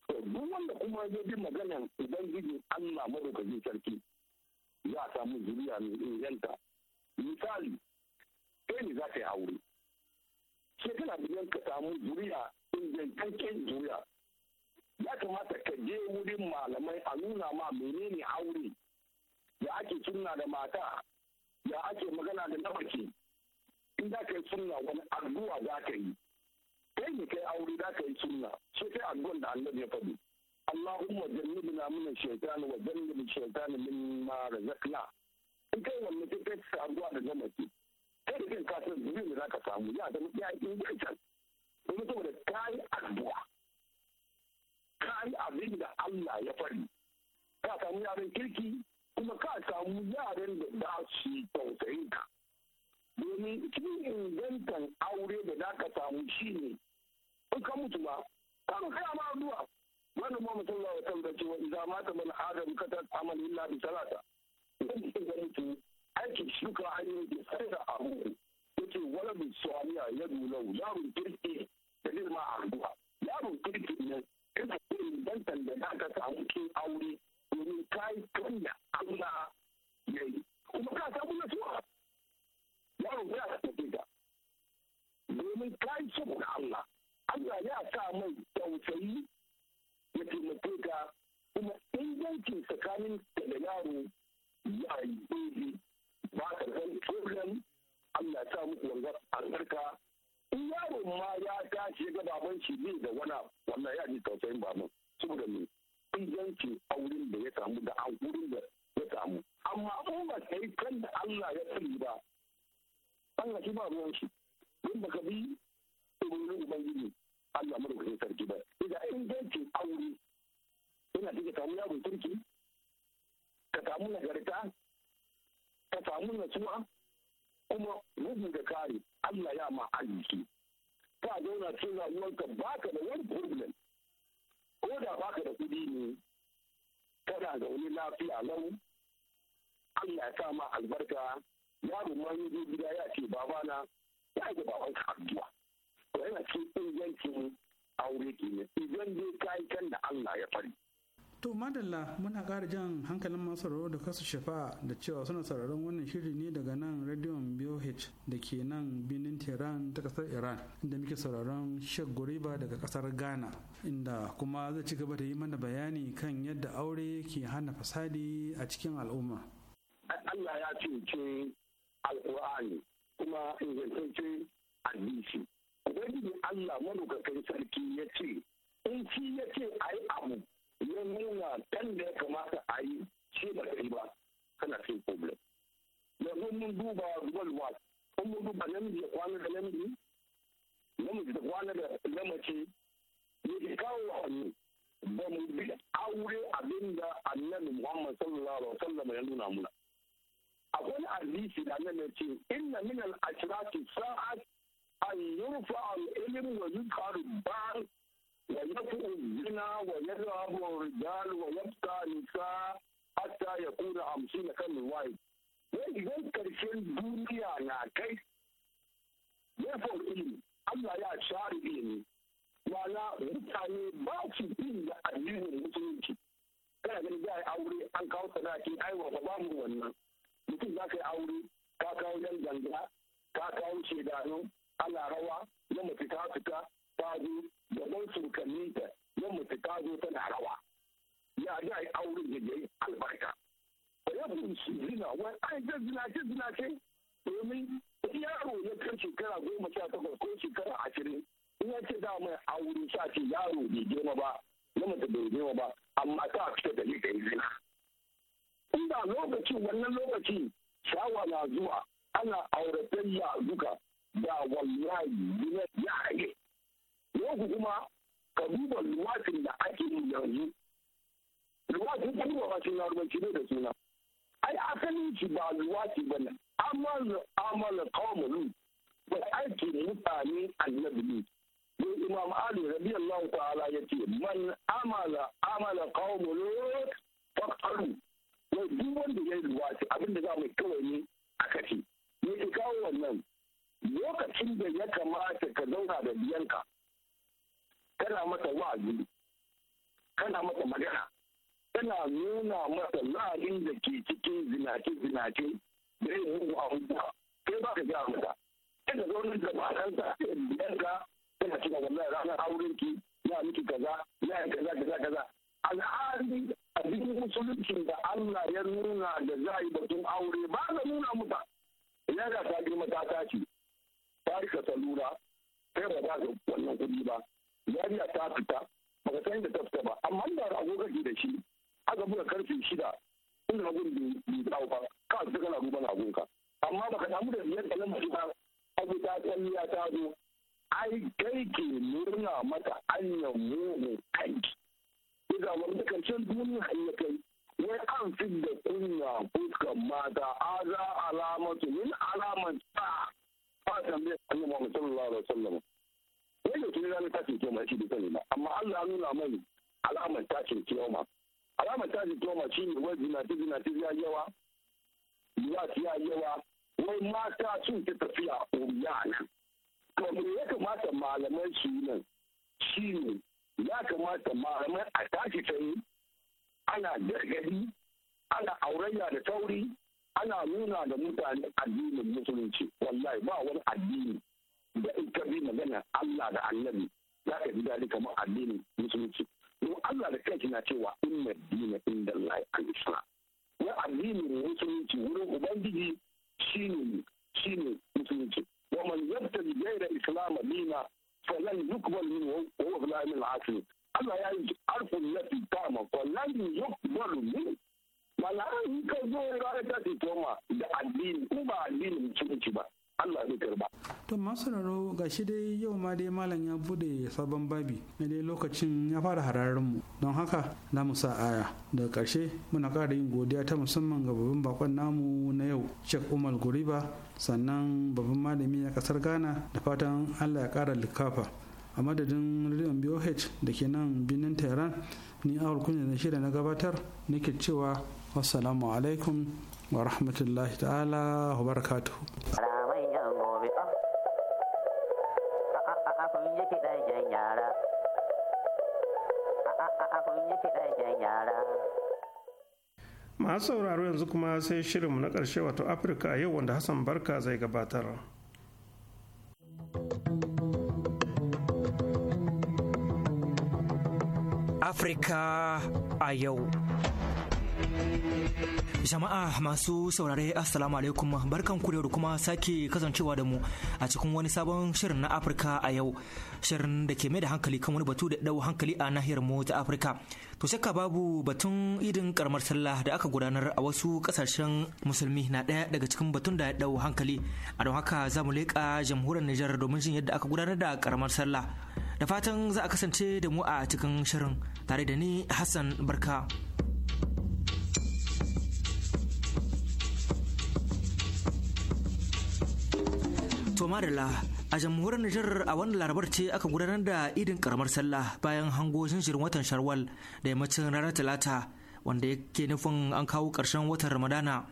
to duk wanda kuma ya bi maganan ubangijin Allah madaukakin sarki za a samu zuriya mai inganta misali kai ne za ka yi aure sai kana bugan ka samu zuriya ingantaccen zuriya ya kamata ka je wurin malamai a nuna ma menene aure ya ake sunna da mata ya ake magana da nabaki in za ka yi sunna wani addu'a za ka yi kai ne kai aure za ka yi sunna sai kai addu'an da annabi ya faɗi Allahumma jannibna min ash-shaytan wa jannib ash-shaytan mimma razaqna in kai wannan kai addu'a da nabaki aikin kasuwancin da za ka samu ya zama ya inganta domin saboda da kayi addu'a ka yi abin da Allah ya fari ka samu yaran kirki kuma ka samu yaran da za su yi ka domin cikin ingantan aure da za ka samu shi ne in ka mutu ba ka ga kai ma addu'a ma mutum za ya san wa idan mata mana adam ka ta amal illa bi salata mutu aikin shuka hanyoyi sai da abu ce wani mai suwaniya ya nuna yaron kirki da girma a ruwa yaron kirki ne ina irin dantan da za ka samu ke aure domin ka yi kanya Allah ya yi kuma ka samu na suwa yaron ya tafi ka domin ka yi da Allah Allah ya sa mai tausayi ya taimake ka kuma ingancin tsakanin da yaro ya yi daidai ba ka zan problem Allah ya sa muku wanzu albarka in yaro ma ya tashi ga baban shi ne da wani wannan ya ji tausayin mu saboda ni in yanke auren da ya samu da an wurin da ya samu amma in ba kai kan da Allah ya sani ba Allah shi ba ruwan shi in baka bi umarnin ubangiji Allah madaukakin sarki ba idan ingancin aure yana da ka samu yaro turki. ka samu nagarta ka samu natsuwa kuma bugu da kare Allah ya ma arziki ka zauna cikin rayuwarka baka da wani problem ko da baka da kudi ne kana zaune lafiya lau Allah ya sa ma albarka yaro ma yi gida ya ce babana ya ga baban ka addu'a to yana cikin ingancin aure kenan idan dai kai kan da Allah ya fari To madalla muna kara jan hankalin masu da kasu shafa da cewa suna sauraron wannan shiri ne daga nan radion BOH da ke nan binin Tehran ta ƙasar Iran inda muke sauraron Sheikh Goriba daga kasar Ghana inda kuma zai ci gaba da yi mana bayani kan yadda aure ke hana fasadi a cikin al'umma. Allah ya cece Alƙur'ani kuma ingantacce hadisi. Ubangiji Allah madaukakin sarki ya ce in shi ya ce a yi abu ya nuna kan da ya kamata a yi shi ba ta yi ba kana cin problem yanzu mun duba world war kun mun duba namiji ya kwana da namiji namiji da kwana da namace ya ke kawo wa hannu ba mu bi aure abin da annabi muhammad sallallahu alaihi wasallam ya nuna muna akwai hadisi da nan ya ce inna min al-ashrati sa'at an yurfa al-ilm wa yuzkaru ba'd ويكفر الزنا ويذهب الرجال ويبقى نساء حتى يكون خمسين كم واحد idan karshen duniya na kai therefore ilimi Allah ya share ilimi wala mutane ba su bin da addinin musulunci kana ganin za a yi aure an kawo sadaki ai wa ba mu wannan mutum za ka yi aure ka kawo yan ganga ka kawo shedanu ana rawa na mace ta ta zo gaban surkanninta yamma ta ta zo tana rawa ya da yi auren da ya yi albarka da ya kunshi zina wani ai ta zinace zinace domin yaro ya kai shekara goma sha takwas ko shekara ashirin in ya ce dama aure sha ce yaro bai girma ba na mace bai girma ba amma ta fita da ni da zina in ba lokacin wannan lokaci shawa na zuwa ana auratayya duka da wallahi ya rage yau kuma ka duba luwafin da ake yi yanzu luwafin ka duba ba yarubanci ne da suna ai asalin shi ba luwafi ba ne amal amal kawamalu ba ake mutane annabi ne ne imam ali radiyallahu ta'ala ce man amala amala qawmulu faqaru wai duk wanda ya yi abin abinda za mu kawai ne a ce me ka kawo wannan lokacin da ya kamata ka zauna da biyanka kana mata wa'azi kana mata magana kana nuna mata la'adin da ke cikin zinace-zinace da yin mugu abubuwa kai ba ka a mata sai ka zaunar da matansa sai biyanka tana cika wallahi ranar aurenki ya miki kaza ya yi kaza kaza kaza al'adi a cikin musulunci da Allah ya nuna da za a yi batun aure ba ka nuna muka ya da ta girma ta tashi ta rika salura kai ba za ka wannan kuɗi ba yariya ta fita ba ka san da ta fita ba amma da rago kake da shi aka buga karfe shida in ragon bai dawo ba ka su kana duban na ka amma ba ka damu da biyar da lamari ba abu ta tsalliya ta zo ai kai ke murna mata hanyar mugu kanki ga wanda karshen duniya ya kai wai an fi da kunya fuskan mata a za alamatu min alaman ta a tambayar annabi Muhammad sallallahu alaihi wasallam wai da kini ranar tashin kiyama shi da sani ba amma Allah ya nuna mani alamar tashin kiyama alamar tashin ma shi ne wai zina ta zina ta ya yawa ya ta ya yawa wai mata sun ta tafiya uriyana to me ya kamata malaman su nan shi ne ya kamata malamai a tashi yi ana gargadi ana aurayya da tauri ana nuna da mutane addinin musulunci wallahi ba wani addini da in ka bi magana Allah da Annabi za ka ji daɗi kamar addinin musulunci don Allah da kanki na cewa inna dina inda Allah ya alisa ya addinin musulunci wurin ubangiji shine shine musulunci wa man yabtaji ghayra islam dina falan yuqbal min wa huwa fil amin al Allah ya yi harfin fi kama falan yuqbal min wala ka zo ga ta ce toma da addini ko ba addinin musulunci ba Allah zai karba. To masararo ga shi dai yau ma dai malam ya bude sabon babi na dai lokacin ya fara hararin mu don haka za mu sa aya daga ƙarshe muna ƙara yin godiya ta musamman ga babban bakon namu na yau Sheikh Umar Guriba sannan babban malami na ƙasar Ghana da fatan Allah ya ƙara likafa a madadin rediyon BOH da ke nan birnin Tehran ni awar kunya na shida na gabatar nake cewa wassalamu alaikum wa rahmatullahi ta'ala wa barakatuhu. masu sauraro yanzu kuma sai shirinmu na ƙarshe wato afirka yau wanda hassan barka zai gabatar afirka a yau Jama'a masu saurare Assalamu alaikum barkan ku da kuma sake kasancewa da mu a cikin wani sabon shirin na Afirka a yau shirin da ke mai da hankali kan wani batu da dau hankali a nahiyar mu ta Afirka to shakka babu batun idin karamar sallah da aka gudanar a wasu kasashen musulmi na daya daga cikin batun da ya dau hankali a don haka za mu leƙa jamhuriyar Nijar domin jin yadda aka gudanar da karamar sallah da fatan za a kasance da mu a cikin shirin tare da ni Hassan Barka. To a jamhuriyar Nijar a wannan larabar ce aka gudanar da idin karamar sallah bayan hango shirin watan Sharwal da yammacin ranar Talata wanda yake nufin an kawo karshen watan Ramadana.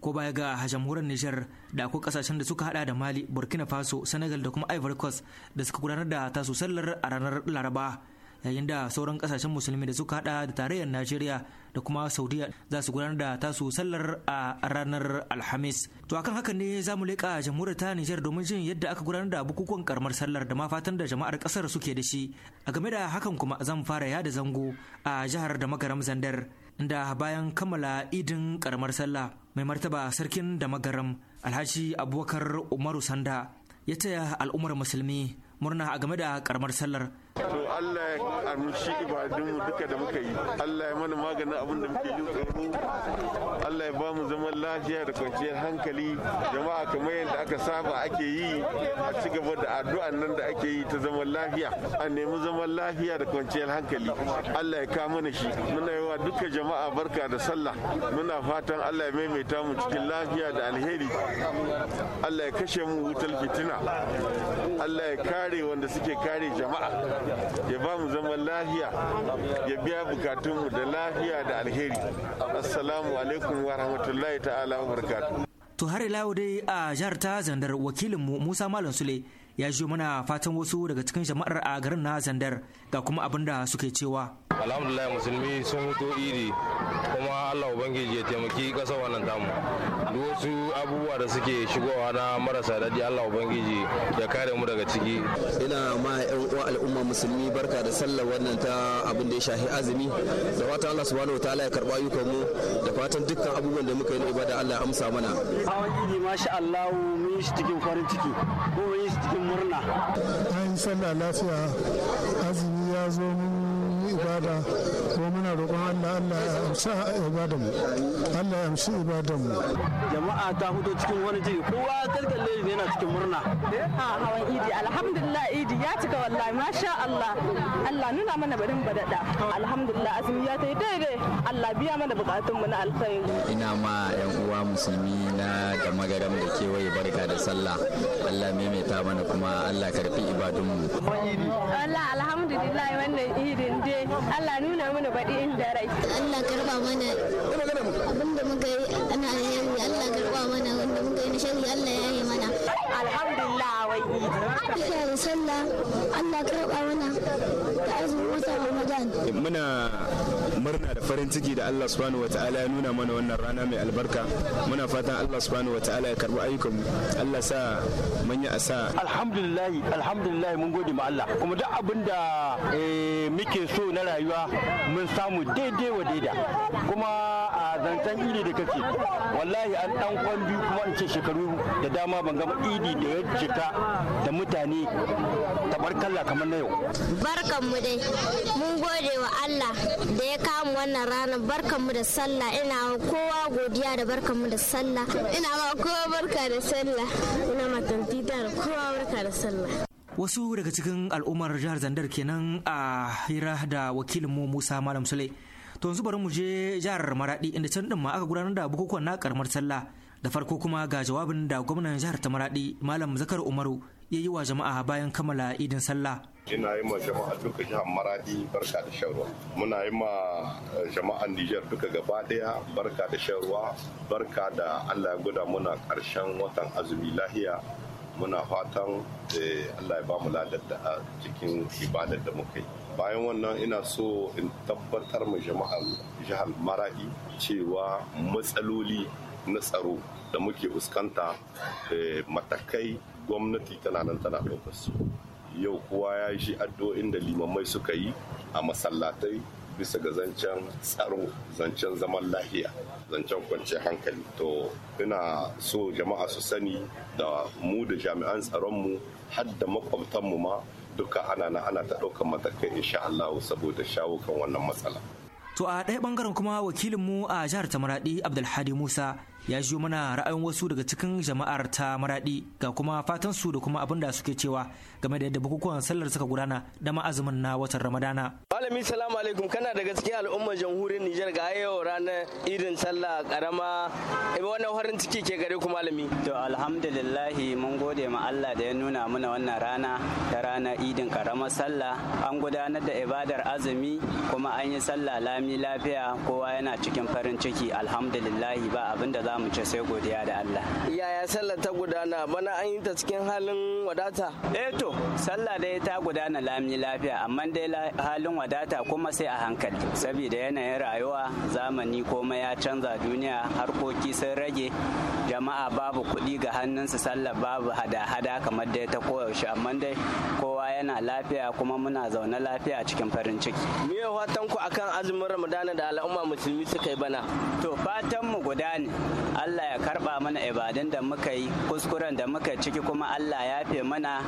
Ko baya ga jamhuriyar Nijar da akwai ƙasashen da suka hada da Mali, Burkina Faso, Senegal da kuma Ivory Coast da suka gudanar da tasu sallar a ranar Laraba. yayin da sauran kasashen musulmi da suka hada da tarayyar najeriya da kuma saudiya za su gudanar da tasu sallar a ranar alhamis to akan haka ne za mu leƙa jamhuriyar ta nijar domin jin yadda aka gudanar da bukukuwan karamar sallar da ma fatan da jama'ar kasar suke da shi a game da hakan kuma zan fara yada zango a jihar da magaram zandar inda bayan kammala idin karamar sallah mai martaba sarkin da magaram alhaji abubakar umaru sanda ya taya al'ummar musulmi murna a game da karamar sallar to Allah ya amshi ibadunmu duka da muka yi Allah ya mana maganin abin da muke jin tsoro Allah ya ba mu zaman lafiya da kwanciyar hankali jama'a kamar yadda aka saba ake yi a ci gaba da addu'an nan da ake yi ta zaman lafiya a nemi zaman lafiya da kwanciyar hankali Allah ya kama mana shi muna yi wa duka jama'a barka da sallah muna fatan Allah ya maimaita mu cikin lafiya da alheri Allah ya kashe mu wutar fitina Allah ya kare wanda suke kare jama'a ya ba mu zaman lafiya ya biya bukatunmu da lafiya da alheri assalamu alaikum wa rahmatullahi ta'ala wa barkatu. to har ila dai a jihar ta zandar wakilinmu musa malam sule ya ji mana fatan wasu daga cikin jama'ar a garin na zandar ga kuma abinda da suke cewa alhamdulillah musulmi sun fito iri kuma allah ubangiji ya taimaki kasa wannan tamu duk wasu abubuwa da suke shigowa na marasa daɗi allah ubangiji ya kare mu daga ciki ina ma yan uwa al'umma musulmi barka da sallar wannan ta abin da ya shafi azumi da fatan allah subhanahu ta'ala ya karba ayyukan mu da fatan dukkan abubuwan da muka yi na ibada allah amsa mana hawan idi masha allah mun yi shi cikin farin ciki ko mun yi shi cikin murna an sallah lafiya azumi ya zo mu mu ibada kuma muna roƙon Allah Allah ya amsa ibadan mu Allah ya amsa ibadan mu jama'a ta hudo cikin wani jiri kowa kalkalle yana cikin murna a hawan idi alhamdulillah idi ya cika wallahi masha Allah Allah nuna mana barin badada alhamdulillah azumi ya ta daidai Allah biya mana bukatun mu na alkhairi ina ma yan uwa musulmi na da magaram da kewaye barka da sallah Allah maimaita mana kuma Allah karfi ibadun mu Allah alhamdulillah wannan idin dai Allah nuna mana baɗi inda rai. Allah karɓa mana abinda muka yi ana yi. Allah karɓa mana wanda muka yi na Allah ya yi mana. Alhamdulillah wai. Aisha da sallah Allah karɓa mana da azumin wata Ramadan. Muna murna da farin ciki da Allah subhanahu wataala ya nuna mana wannan rana mai albarka muna fatan Allah subhanahu wataala ya karbi ayyukanmu Allah sa mun yi asa alhamdulillah alhamdulillah mun gode ma Allah kuma duk abin da eh, muke so na rayuwa mun samu daidai wa daida kuma a zancen idi da kake wallahi an dan kwan biyu kuma in ce shekaru da dama ban gama idi da ya jika da mutane tabarkalla kamar na yau barkan mu dai mun gode wa Allah da ya samu wannan ranar mu da sallah ina kowa godiya da mu da sallah ina ma kowa barka da sallah ina tantita da kowa barka da sallah wasu daga cikin al'ummar jihar zandar kenan a hira da wakilinmu musa malam sule to yanzu bari mu je jihar maradi inda can din ma aka gudanar da bukukuwan na karamar sallah da farko kuma ga jawabin da gwamnan jihar ta maradi malam zakar umaru ya yi wa jama'a bayan kammala idin sallah ina yi ma jama'a duka jihar maradi barka da shan ruwa muna yi ma eh, jama'an nijar duka gaba daya barka da shan ruwa barka da allah ya guda muna karshen watan azumi lahiya muna fatan eh, allah ya ba mu ladar da a cikin ibadar da muka yi bayan wannan ina so in tabbatar ma jama'a jihar maradi cewa matsaloli na tsaro da muke fuskanta eh, matakai gwamnati tana nan tana ɗaukar su yau kowa ya shi addu'o'in da limamai suka yi a masallatai bisa ga zancen tsaro zancen zaman lahiya zancen kwanciyar hankali to ina so jama'a su sani da mu da jami'an tsaronmu har da makwabtanmu ma duka ana na ana ta ɗaukar matakai insha Allah saboda shawo kan wannan matsala. To a ɗaya ɓangaren kuma wakilinmu a jihar Tamaradi Abdulhadi Musa ya ji mana ra'ayin wasu daga cikin jama'ar ta maradi ga kuma fatan su da kuma abin da suke cewa game da yadda bukukuwan sallar suka gudana da ma'azumin na watan ramadana malami salamu alaikum kana daga cikin al'ummar jamhuriyar nijar ga yau ranar idin sallah karama ibi wannan farin ciki ke gare ku malami to alhamdulillahi mun gode ma Allah da ya nuna mana wannan rana ta rana idin karamar sallah an gudanar da ibadar azumi kuma an yi sallah lami lafiya kowa yana cikin farin ciki alhamdulillahi ba abin da za mu ce sai godiya da Allah. Yaya sallar ta gudana bana an yi ta cikin halin wadata? Eh to, sallah dai ta gudana lami lafiya amma dai halin wadata kuma sai a hankali. Saboda yanayin rayuwa zamani komai ya canza duniya harkoki sun rage jama'a babu kuɗi ga hannunsu sallar babu hada-hada kamar dai ta koyaushe amma dai kowa yana lafiya kuma muna zaune lafiya cikin farin ciki. Me fatan ku akan azumin Ramadana da al'umma musulmi suka yi bana? To fatan mu guda ne Allah ya karba mana ibadun da muka yi kuskuren da muka ciki kuma Allah ya fe mana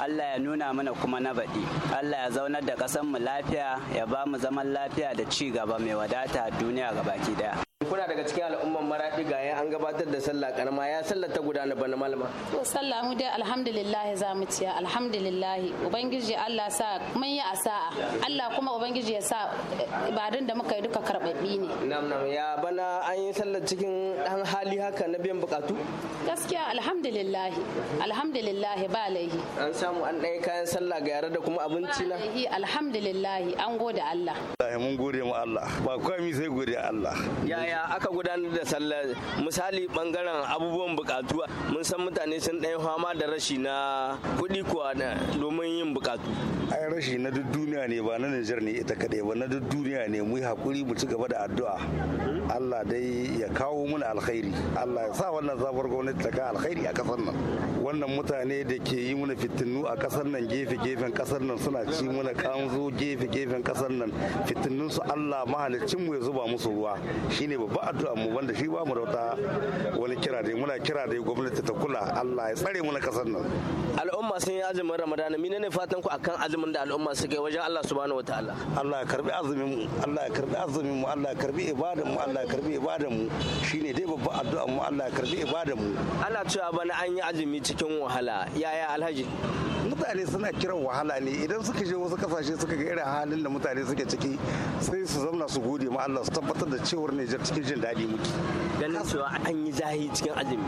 Allah ya nuna mana kuma na baɗi Allah ya zaunar da ƙasanmu lafiya ya ba mu zaman lafiya da ci gaba mai wadata duniya ga baki daya kuna daga cikin al'umman maraɗi ga an gabatar da sallah karama ya sallah ta gudana bana malama to sallah mu dai alhamdulillah za mu ciya alhamdulillah ubangiji Allah sa mun yi asa'a Allah kuma ubangiji ya sa ibadun da muka yi duka karbabbi ne nam nam ya bana an yi sallah cikin dan hali haka na biyan bukatu gaskiya alhamdulillah alhamdulillah ba laihi an samu an ɗaya kayan sallah ga yare da kuma abinci na alhamdulillah an gode Allah mun gode mu Allah ba kwami sai gode Allah baya aka gudanar da sallah misali bangaren abubuwan bukatu mun san mutane sun ɗaya fama da rashi na kuɗi kuwa domin yin bukatu ai rashi na duk duniya ne ba na Nijar ne ita kaɗai ba na duk duniya ne mu yi hakuri mu ci gaba da addu'a Allah dai ya kawo mana alkhairi Allah ya sa wannan zabar gwamnati ta kawo alkhairi a kasar nan wannan mutane da ke yi mana fitinu a kasar nan gefe gefen kasar nan suna ci mana kanzo gefe gefen kasar nan fitinun su Allah mahalicin mu ya zuba musu ruwa shine shine mu shi ba mu da wata wani kira dai muna kira dai gwamnati ta kula Allah ya tsare mu na kasar nan al'umma sun yi azumin Ramadan mi ne fatan ku akan azumin da al'umma suka yi wajen Allah subhanahu wataala Allah ya karbi azumin mu Allah ya karbi azumin mu Allah ya karbi ibadan mu Allah ya karbi ibadan mu shine dai babban addu'a mu Allah ya karbi ibadan mu ana cewa bana an yi azumi cikin wahala yaya alhaji mutane suna kiran wahala ne idan suka je wasu kasashe suka ga irin halin da mutane suke ciki sai su zauna su gode ma Allah su tabbatar da cewar Nijar cikin jin daɗi muke ganin cewa an yi zahi cikin azumi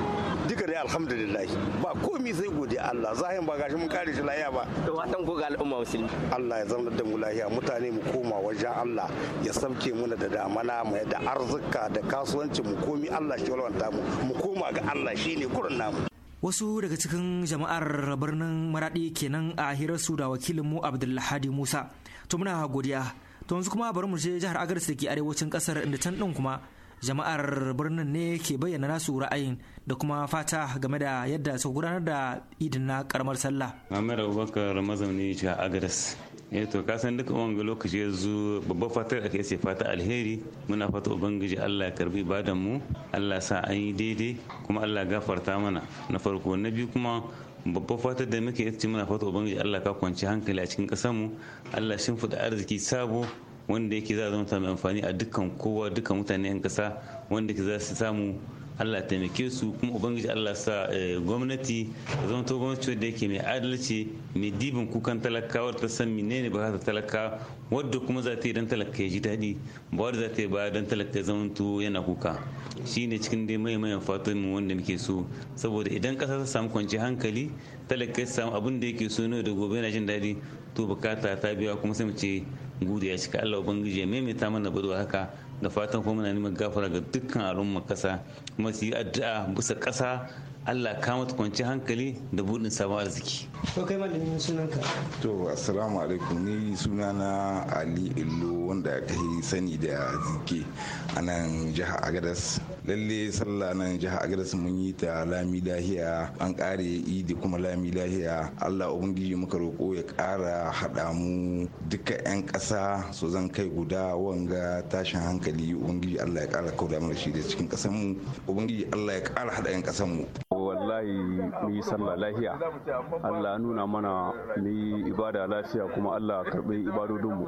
duka dai alhamdulillah ba komi sai gode Allah zahin ba gashi mun kare shi lahiya ba to watan ko ga al'umma musulmi Allah ya zama da mu lahiya mutane mu koma wajen Allah ya samke muna da damana mai da arzuka da kasuwanci mu komi Allah shi walwanta mu mu koma ga Allah shine kurin namu wasu daga cikin jama'ar birnin maradi kenan a hirarsu da wakilinmu abdullahi musa to muna godiya to yanzu kuma bari mu je jihar agadis da ke arewacin kasar inda can din kuma jama'ar birnin ne ke bayyana nasu ra'ayin da kuma fata game da yadda suka gudanar da idin na karamar sallah. Muhammad Abubakar mazauni jiha Agadas. Eh to ka san duka wanga lokaci yanzu babbar fatar ake ce fata alheri muna fata ubangiji Allah ya karbi ibadan mu Allah sa an yi daidai kuma Allah gafarta mana na farko na biyu kuma babbar fatar da muke ita muna fata ubangiji Allah ka kwanci hankali a cikin kasar mu Allah shimfiɗa arziki sabo wanda yake za zama mai amfani a dukkan kowa dukkan mutane yan kasa wanda ke za su samu Allah taimake su kuma ubangiji Allah sa eh, gwamnati ta zama to gwamnati wadda yake mai adalci mai dibin kukan talakawar ta san menene ba ta talaka wadda kuma za ta yi don talaka ya ji daɗi ba wadda za ta yi ba don talaka ya zama to yana kuka shi ne cikin dai mai mayan fatan wanda muke so saboda idan ƙasa ta samu kwanciyar hankali talaka ya samu abin da yake so ne da gobe yana jin daɗi to bukata ta biya kuma sai mu ce gudu ya cika Allah ubangiji ya maimaita mana bado haka da fatan kuma muna neman gafara ga dukkan al'umma kasa kuma su yi addu'a bisa kasa Allah ka mata kwanci hankali da buɗin sabon arziki. To kai malamin sunanka. To assalamu alaikum ni sunana Ali Illo wanda ta sani da zike a nan jihar Agadas lalle sallah nan jihar agadas mun yi ta lami lahiya an kare idi kuma lami lahiya allah ubangiji muka roko ya kara haɗa mu duka 'yan kasa su zan kai guda wanga tashin hankali ubangiji allah ya kara kauda mana shi da cikin kasan mu ubangiji allah ya kara haɗa 'yan kasan mu wallahi mu yi sallah lahiya allah nuna mana mu ibada lafiya kuma allah karɓi ibadodinmu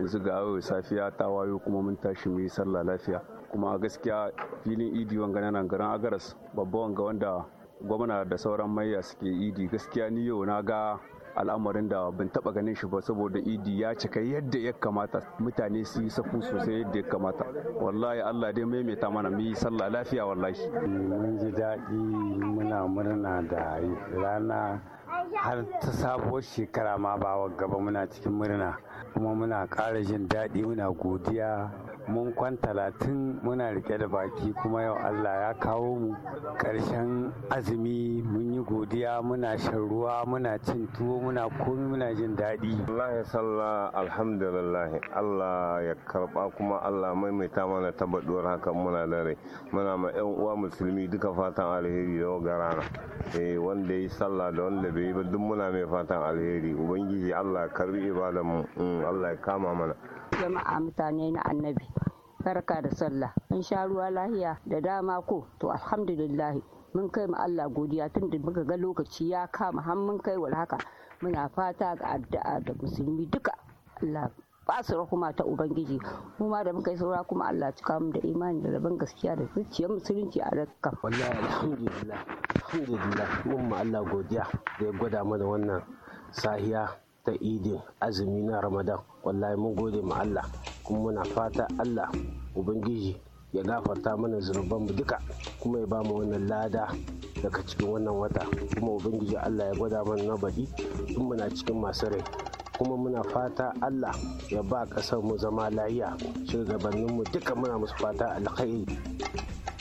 yanzu ga safiya ta wayo kuma mun tashi mu yi sallah lafiya kuma gaskiya filin idi wanga na nan garin agaras babba wanga wanda gwamna da sauran maiya suke idi gaskiya ni yau na ga al'amarin da ban taba ganin shi ba saboda idi ya cika yadda ya kamata mutane su yi safu sosai yadda ya kamata wallahi allah dai maimaita mana mu yi sallah lafiya wallahi mun ji daɗi muna murna da rana har ta sabuwar shekara ma ba wa gaba muna cikin murna kuma muna ƙara jin daɗi muna godiya mun kwan talatin muna rike da baki kuma yau allah ya kawo mu ƙarshen azumi mun yi godiya muna shan ruwa muna cin tuwo muna komi muna jin daɗi allah ya salla alhamdulillah allah ya karɓa kuma allah maimaita mana tabbaduwar hakan muna da rai muna ma yan uwa musulmi duka fatan alheri da rana eh wanda yi sallah da wanda bai yi ba duk muna mai fatan alheri ubangiji allah ya karbi ibadan mu mm, allah ya kama mana jama'a mutane na annabi barka da sallah an sha ruwa lahiya da dama ko to alhamdulillah mun kai mu Allah godiya tun da muka ga lokaci ya kama har mun kai wal haka muna fata ga addu'a da musulmi duka Allah ba su rahuma ta ubangiji mu ma da muka yi saura kuma Allah cika mu da imani da rabon gaskiya da zuciyar musulunci a rakka wallahi alhamdulillah alhamdulillah mun ma Allah godiya da ya gwada mana wannan sahiya ta idin azumi na ramadan wallahi mun gode ma allah kuma muna fata allah ubangiji ya gafarta mana mu duka kuma ya bamu wannan lada daga cikin wannan wata kuma ubangiji allah ya gwada mana na baɗi tun muna cikin masu rai kuma muna fata allah ya ba ƙasar mu zama lahiya shugabanninmu duka muna musu fata alkhairi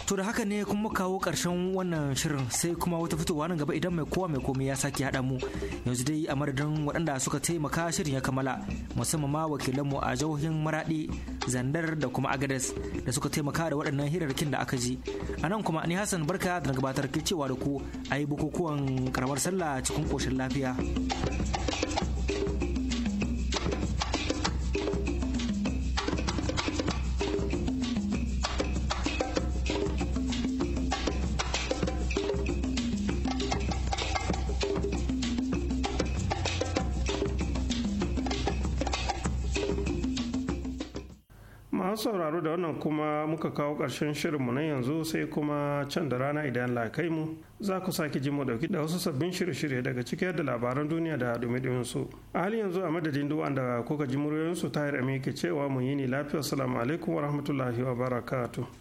To da haka ne kuma kawo ƙarshen wannan shirin sai kuma wata fitowa nan gaba idan mai kowa mai komai ya sake haɗa mu yanzu dai a madadin waɗanda suka taimaka shirin ya kammala musamman ma wakilanmu a jahohin Maraɗi, Zandar da kuma Agadez da suka taimaka da waɗannan hirarrakin da aka ji. A nan kuma ni Hassan Barka da gabatar ke cewa da ku a yi bukukuwan karamar sallah cikin koshin lafiya. sauraro da wannan kuma muka kawo ƙarshen shirinmu na yanzu sai kuma can da rana idan lakai mu za ku sake ji mu dauki da wasu sabbin shirye-shirye daga cikin da labaran duniya da dumi su a halin yanzu a madadin duk da kuka ji muryoyinsu tahir ke cewa mu yi ni lafiya salamu alaikum wa rahmatullahi wa barakatu.